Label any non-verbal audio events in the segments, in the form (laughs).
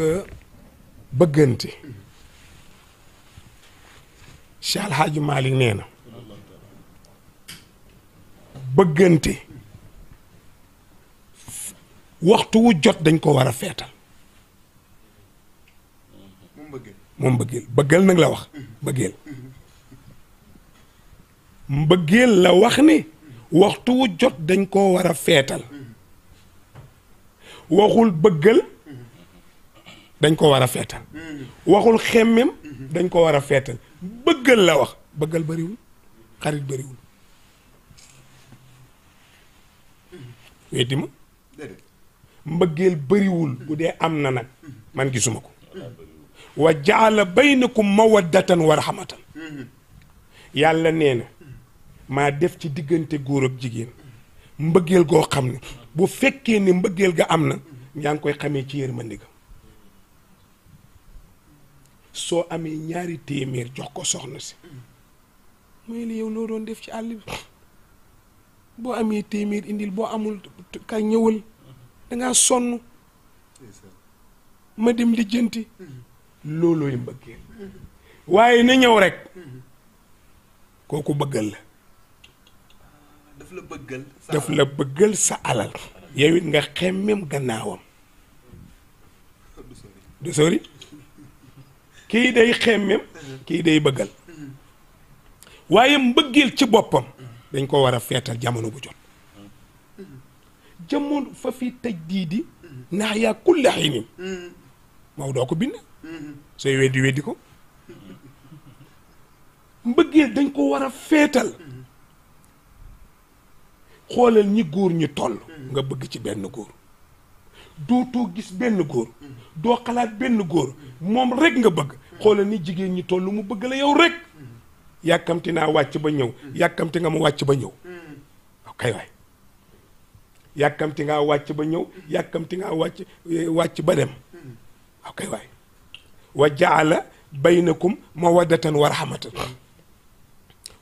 nga bëggante Cheikh El Hadj nee na bëggante waxtu wu jot dañ ko war a feetal moom bëggeel bëggeel nag la wax bëggeel mbëggeel la wax ni waxtu wu jot dañ ko war a feetal waxul bëggal dañ ko war a feetal waxul xemmem dañ ko war a feetal bëggal la wax bëggal bariwul xarit bariwul weddi mbëggeel bariwul bu dee am na nag man gisuma ko na wa jaala war a wa rahmatan yàlla nee na maa def ci diggante góor ak jigéen mbëggeel goo xam ne bu fekkee ni mbëggeel ga am na ñaa ngi koy xamee ci yërmande ga soo amee ñaari téeméer jox ko soxna si mooy la yow loo doon def ci àll bi boo amee téeméer indil boo amul kay ñëwal dangaa sonn ma dem lijjanti loolooy mbëggeel waaye na ñëw rek kooku bëggal la daf la bëggal daf sa alal yow it nga xemmem gannaawam kii day xemmem kii day bëggal waaye mbëggeel ci boppam dañ ko war a feetal jamono bu jot jamono fa fi taj dii di ndax yaa kulli xiinin maw doo ko bind sooy weddi weddi ko mbëggeel dañ ko war a feetal xoolal ñi góor ñi toll nga bëgg ci benn góor dootoo gis benn góor doo xalaat benn góor moom rek nga bëgg xoolal ni jigéen ñi toll mu bëgg la yow rek yàkkamti naa wàcc ba ñëw yàkkamti nga ma wàcc ba ñëw kay ngaa wàcc ba ñëw yàkkamti ngaa wàcc eh, wàcc ba dem waaw kay waay wa jaala baynakum mawaddatan wa rahmatan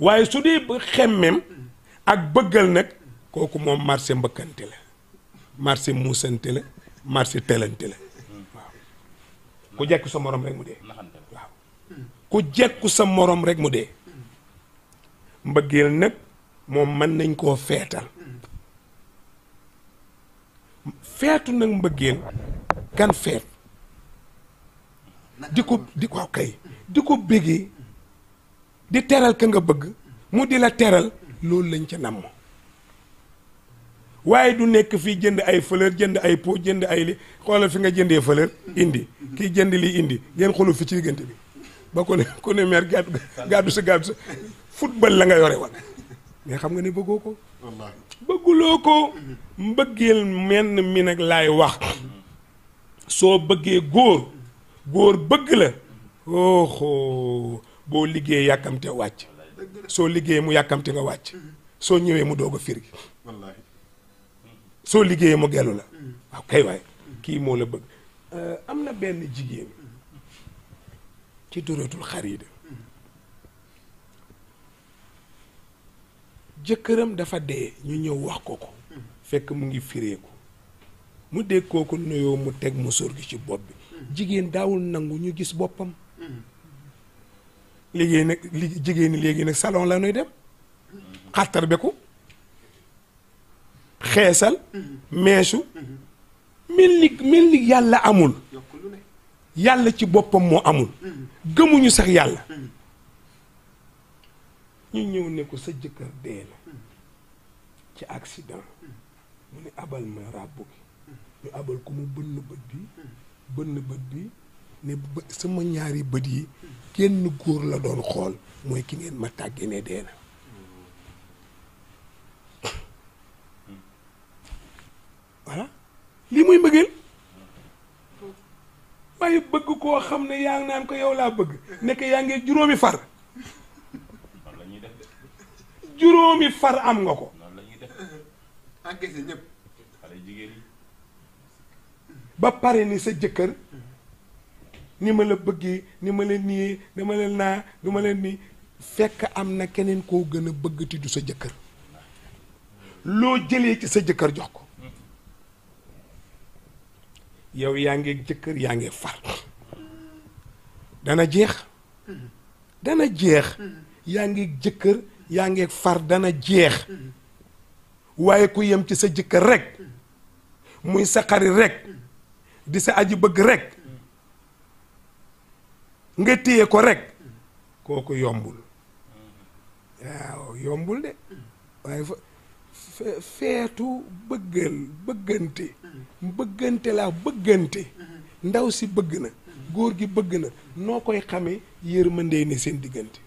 waaye su dee xemmem ak bëggal nag kooku moom marché mbëkkante la marché muusante la marché teelante la waaw ku jekku sa morom rek mu dee waaw ku jekku sa morom rek mu dee mbëggeel nag moom mën nañ koo feetal feetu nag mbëggeel kan feet di ko di waaw kay di ko bégee di teral ka nga bëgg mu di la teral loolu lañ ca namm waaye du nekk fii jënd ay fleur jënd ay pot jënd ay li xoolal fi nga jëndee fleur indi kii jënd lii indi ngeen xoolal fi ci diggante bi ba ku ne ku ne meer gàddu gàddu sa gàddu sa football la nga yore woon mais xam nga ne bëggoo ko bëgguloo ko mbëggeel menn mi nag laay wax soo bëggee góor góor bëgg la boo liggéey yàkkamte wàcc soo liggéey mu yàkkamte nga wàcc soo ñëwee mu doog a soo liggéeyee mu gelu la waaw kay waay kii moo la bëgg euh, am na benn jigéen ci duratul xarida jëkkëram dafa dee ñu ñëw wax ko ko fekk mu ngi ko mu dégg kooku nuyoo mu teg musóor gi ci bopp bi jigéen daawul nangu ñu gis boppam liggéey nag li jigéen ñi léegi nag salon la ñuy dem xattar beku xeesal meesu mel ni mel ni yàlla amul yàlla ci boppam moo amul gëmuñu sax yàlla ñu ñëw ne ko sa jëkkër dee na ci accident mu ne abal ma ràbbu gi ñu abal ko mu bënn bët bi bënn bët bi ne sama ñaari bët yi kenn góor la doon xool mooy ki ngeen ma tàggee ne dee na lii muy mbëggeel waaye bëgg koo xam ne yaa ngi naan ko yow laa bëgg nekk yaa ngi juróomi far juróomi far am nga ko ba pare ni sa jëkkër ni ma la bëggee ni ma la nii dama la naa dama la ni fekk am na keneen koo gën a bëgg ti sa jëkkër loo jëlee ci sa jëkkër jox ko yow yaa ngi jëkkër yaa ngi far dana jeex dana jeex yaa ngi jëkkër yaa ngi far dana jeex waaye ku yem ci sa jëkkër rek muy sa xari rek di sa aji bëgg rek nga téye ko rek kooku yombul waaw yombul de waaye fa feetu bëggal bëggante bëggante laa bëggante ndaw si bëgg na góor gi bëgg na noo koy xamee yërmandee ne seen diggante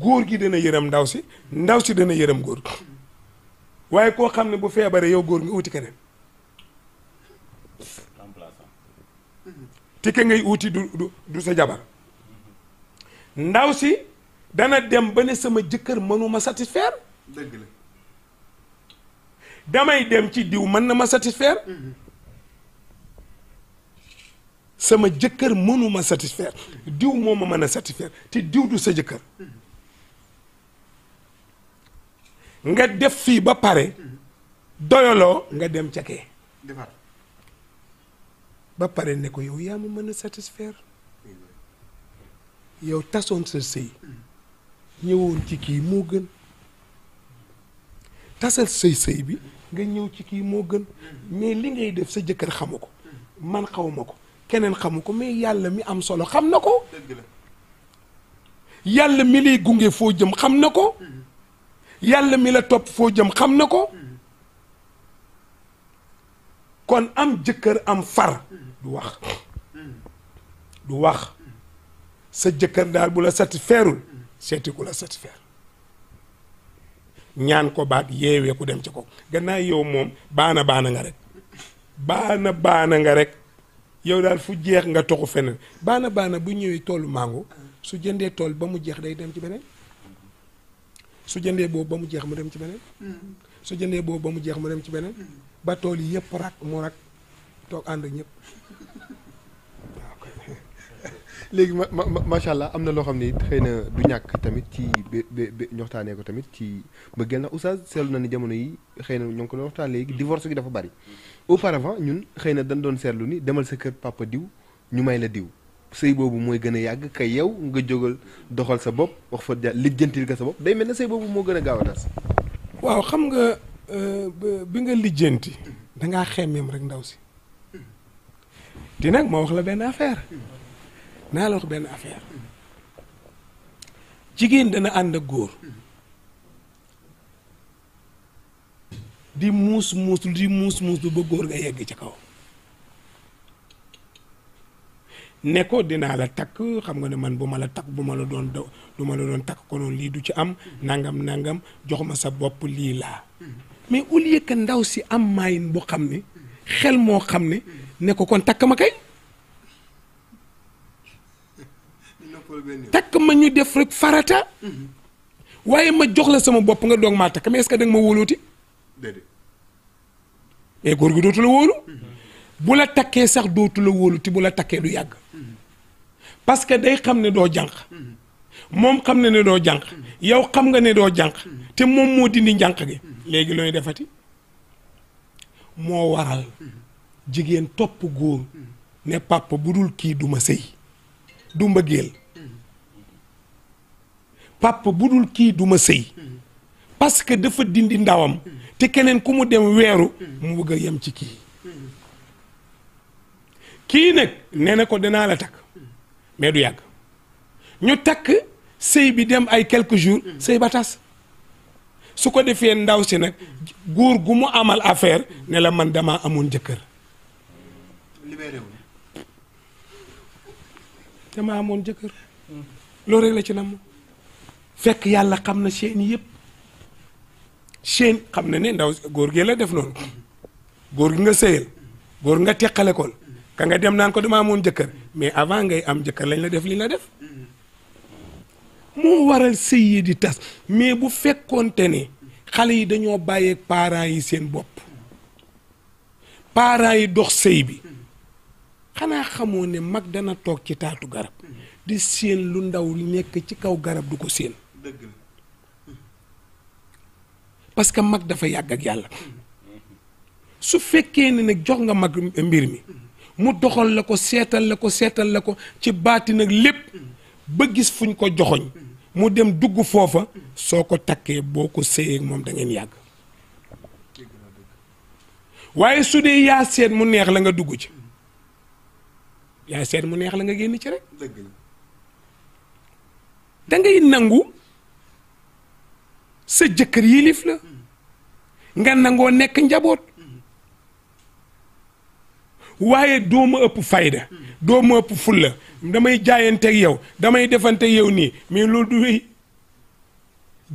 góor gi dana yërëm ndaw si ndaw si dana yërëm góor gi waaye koo xam ne bu feebaree yow góor nga wuti keneen ti ngay uti du du sa jabar ndaw si dana dem ba ne sama jëkkër mënuma satisfaire dëgg la damay dem ci diw mën na ma satisfaire sama jëkkër mënuma satisfaire diw moo ma mën a satisfaire te diw du sa jëkkër nga def fii ba pare doyaloo nga dem cake kee ba pare ne ko yow yaa ma mën a satisfaire yow tasoon sa sëy ñëwoon ci kii moo gën tasal sëy sëy bi nga ñëw ci kii moo gën mais li ngay def sa jëkkër xamu ko man xaw ma ko keneen xamu ko mais yàlla mi am solo xam na ko yàlla mi lay gunge foo jëm xam na ko yàlla mi la topp foo jëm xam na ko kon am jëkkër am far du wax du wax sa jëkkër daal bu la satisfairul seeti ku la satisfaire ñaan ko baat yeewee ku dem ci ko gannaaw yow moom baana baana nga rek baana baana nga rek yow daal fu jeex nga toxu feneen baana baana bu ñëwee toolu mango su jëndee tool ba mu jeex day dem ci beneen su jëndee boobu ba mu jeex mu dem ci beneen su jëndee boobu ba mu jeex mu dem ci beneen ba tool yi yëpp mu rak toog ànd ñépp léegi ma ma macha allah am na loo xam ni xëy na du ñàkk tamit ci bé bé ñoxtaanee ko tamit ci mbëggeel na oustaz seetlu na ni jamono yi xëy na ñoo ngi ko doon waxtaan léegi mm-hmm. divorce gi dafa bari. auparavant ñun xëy na dañ doon seetlu ni demal sa kër papa diw ñu may la diw sëy boobu mooy gën a yàgg kay yow nga jógal doxal sa bopp wax fa lijjantil nga sa bopp day mel ne sëy boobu moo gën a gaaw a tas. waaw xam nga euh, bi nga lijjanti da ngaa rek ndaw si. nag ma wax naa la wax benn affaire jigéen dana ànd ak góor di muus muus di muus muus bu ba góor nga yegg ci kaw ne ko dinaa la takk xam nga ne man bu ma la takk bu ma la doon do du ma la doon takk konoon lii du ci am nangam nangam jox ma sa bopp lii laa mais au lieu ndaw si am maayin boo xam ni xel moo xam ni ne ko kon takk ma kay takk ma ñu def rek farata waaye ma jox la sama bopp nga doog maa takk mais est-ce que da nga ma wóoluuti mais góor gi dootu la wóolu bu la takkee sax dootu la wóoluti bu la takkee du yàgg parce que day xam ne doo jànq moom xam ne ne doo jànq yow xam nga ne doo jànq te moom moo dindi jànq gi léegi looy defati moo waral jigéen topp góor ne papa bu dul kii duma sëy du mbëggeel papa bu dul kii duma ma sëy parce que dafa dindi ndawam te keneen ku mu dem weeru mu bëgg a yem ci kii kii nag nee na ko danaa la takk mais du yàgg ñu takk sëy bi dem ay quelques jours sëy ba tas su ko defee ndaw si nag góor gu mu amal affaire ne la man damaa amoon jëkkër damaa amoon jëkkër loolu rek la ci nam fekk yàlla xam na seen yëpp seen xam na ne ndaw góor gee la def noonu góor gi nga sëyal góor nga teqale ko ka nga dem naan ko dama amoon jëkkër mais avant ngay am jëkkër lañ la def li la def moo waral sëy yi di tas mais bu fekkoonte ne xale yi dañoo bàyyeeg parents yi seen bopp parents yi dox sëy bi xanaa xamoo ne mag dana toog ci taatu garab di séen lu ndaw nekk ci kaw garab du ko séen dëgg que mag dafa yàgg ak yàlla su fekkee ne nag jox nga mag mbir mi mu doxal la ko seetal la ko seetal la ko ci baati nag lépp ba gis fuñ ko joxoñ mu dem dugg foofa soo ko takkee boo ko sëyee moom da ngeen yàgg waaye su dee yaa seet mu neex la nga dugg ci yaa seet mu neex la nga génn ci rek da nangu sa jëkkër yilif la nga nangoo nekk njaboot waaye doo ma ëpp fayda doo ma ëpp fulla damay jaayanteeg yow damay defanteeg yow nii mais loolu du wéy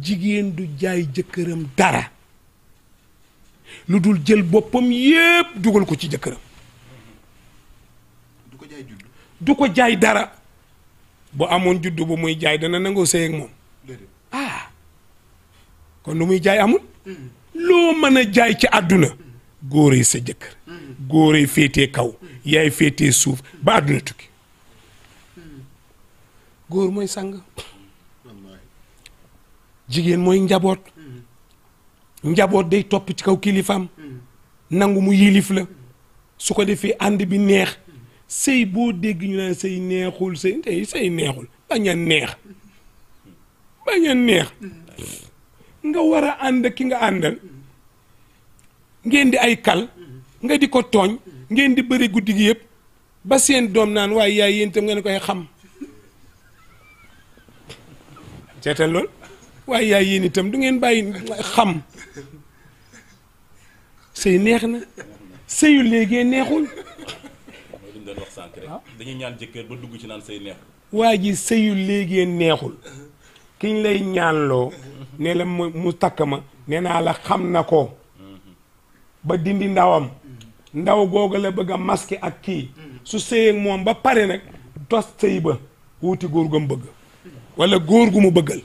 jigéen du jaay jëkkëram dara lu dul jël boppam yépp dugal ko ci jëkkëram du ko jaay ko jaay dara bu amoon juddu bu muy jaay dana nangoo sëy ak moom kon lu muy jaay amul loo mën a jaay ci àdduna góoree sa jëkkër yi féetee kaw yaay féetee suuf ba àdduna tukki góor mooy sang jigéen mooy njaboot njaboot day topp ci kaw kilifaam nangu mu yilif la su ko defee ànd bi neex sëy boo dégg ñu naan sëy neexul sëy neexul bañ neex bañ neex nga war a ànd ki nga àndal ngeen di ay kal nga di ko tooñ ngeen di bëri guddi gi yëpp ba seen doom naan waaye yaay yéen itam ngeen koy xam seetal lool waaye yaay yéen itam du ngeen bàyyi xam sëy neex na sëyul léegi neexul ah. dañuy ñaan jëkkër ba dugg ci naan sëy neexul waa ji sëyul léegi neexul kiñ lay ñaanloo ne la mu takk ma nee naa la xam na ko ba dindi ndawam ndaw googu la bëgg a maski ak kii su sëyeeg moom ba pare nag tos sëy ba wuuti góor gu mu bëgg wala góor gu mu bëggal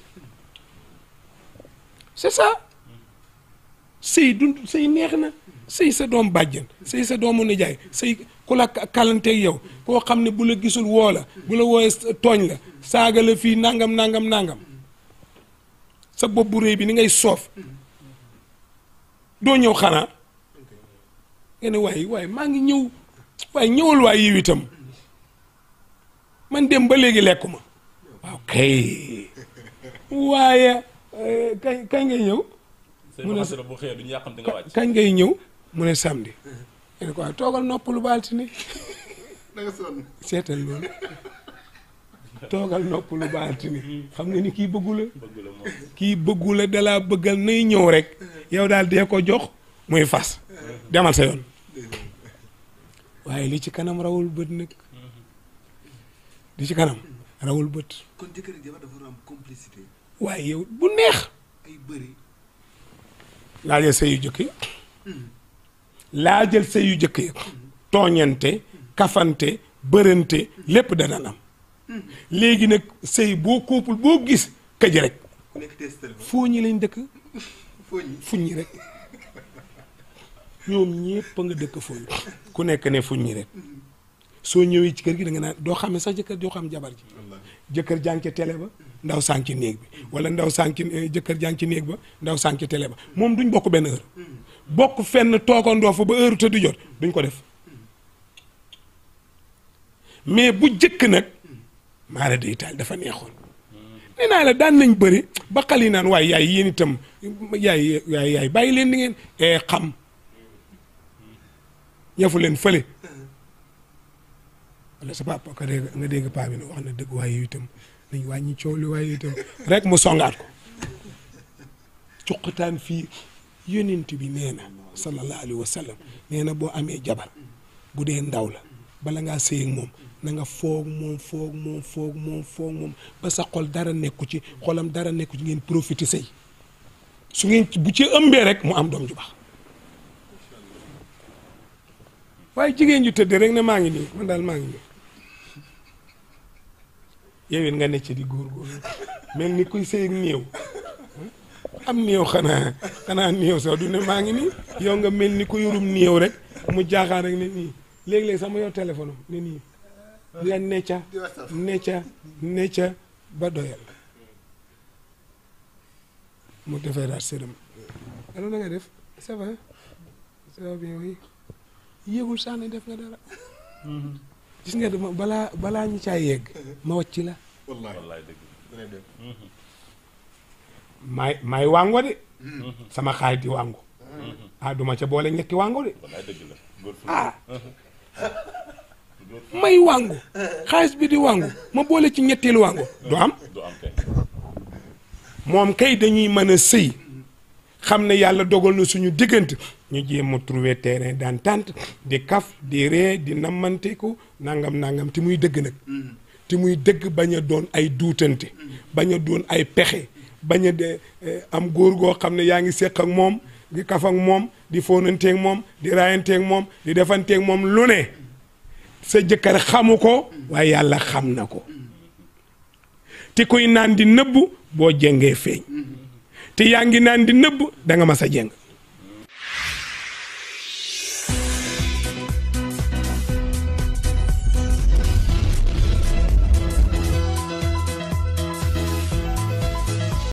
c'est sa sëy dund sëy neex na sëy sa doom bàjjan sëy sa doomu nijaay sëy ku la kalanteeg yow koo xam ne bu la gisul woo la bu la wooyee tooñ la saaga la fii nangam nangam nangam sa bopp bu réy bi ni ngay soof doo ñëw xanaa nga ne waaye waaye maa ngi ñëw waaye ñëwal waay yiw man dem ba léegi lekkuma waaw kay waaye eh, kañ kañ ngay ñëw mu ne kañ ngay ñëw mu ne samedi nga ne ko waaw toogal nopp lu baal ti ni (laughs) seetal loolu toogal nopp lu baati ni mm. xam nga ni kii bëggu kii bëggu la dalaa bëggal nay ñëw rek yow daal dee ko jox muy fas demal sa yoon waaye li ci kanam rawul bët mm-hmm. ci kanam rawul waaye yow bu neex ay bëri laajal sëy yu jëkk ya mm. laajal sëy yu jëkk ya mm. tooñante kafante bërante lépp dana am léegi nag sëy boo couple boo gis këj rek fooñi lañ dëkk fuññi rek ñoom ñépp nga dëkk fooñi ku nekk ne fuñ fuññi rek soo ñëwee ci kër gi danga nga naan doo xam ne sax jëkkër joo xam jabar ji jëkkër jàng ci télé ba ndaw sànq néeg bi wala ndaw sànq ci eh, jëkkër jàng ci néeg ba ndaw sànq ci ba moom duñ bokk benn heure hmm. bokk fenn toogandoo fa ba heure du jot duñ ko def hmm. mais bu jëkk nag maara day taal dafa neexoon nee naa la daan nañ bëri ba xal yi naan waaye yaay yéen itam yaay yaay yaay leen di ngeen e xam ñafu leen fële wala sa nga dégg paa bi ne wax na dëgg waaye yow itam nañ wàññi coow li waaye itam rek mu songaat ko cuqataan fii yonent bi nee na sallallahu alayhi wa sallam na boo amee jabar bu dee ndaw la bala ngaa sëy moom na nga foog moom foog moom foog moom foog moom ba sa xol dara nekku ci xolam dara nekku ci ngeen profité sëy su ngeen bu ci ëmbee rek mu am doom ju baax waaye jigéen ju tëdd rek ne maa ngi nii man daal maa ngi nii yow it nga ne ci di góorgóorlu mel ni kuy sëy ak am néew xanaa xanaa néew sax du ne maa ngi yow nga mel ni ku yorum néew rek mu jaaxaan rek ne nii léeg-léeg sax ma yor téléphone am ne nii nga necca necca necca ba doyal mu defaraat sërëm alors na nga def ça va ça va def nga dara mhm. gis nga dama balaa balaa ñu caa yegg ma wàcc la wallaay dëgg maay mhm. maay mhm. sama xaay di wàngo ah duma ca boole ñetti wàngo de ah may wàngu xaalis bi di wàngu ma boole ci ñetteelu wàngu du am moom kay dañuy mën a sëy xam ne yàlla dogal na suñu diggante ñu jéem a trouver terrain d'entente di kaf di ree di namanteeku nangam nangam te muy dëgg nag mm. te muy dëgg bañ a doon ay duutante mm. bañ a doon ay pexe bañ a de eh, am góor goo xam ne yaa ngi seq ak moom di kaf moom di foonanteeg moom di raayanteeg moom di defanteeg moom lu ne sa jëkkër xamu ko waaye yàlla xam na ko te koy naan di nëbb boo jëngee feeñ te yaa ngi naan di nëbb da nga mas a jëng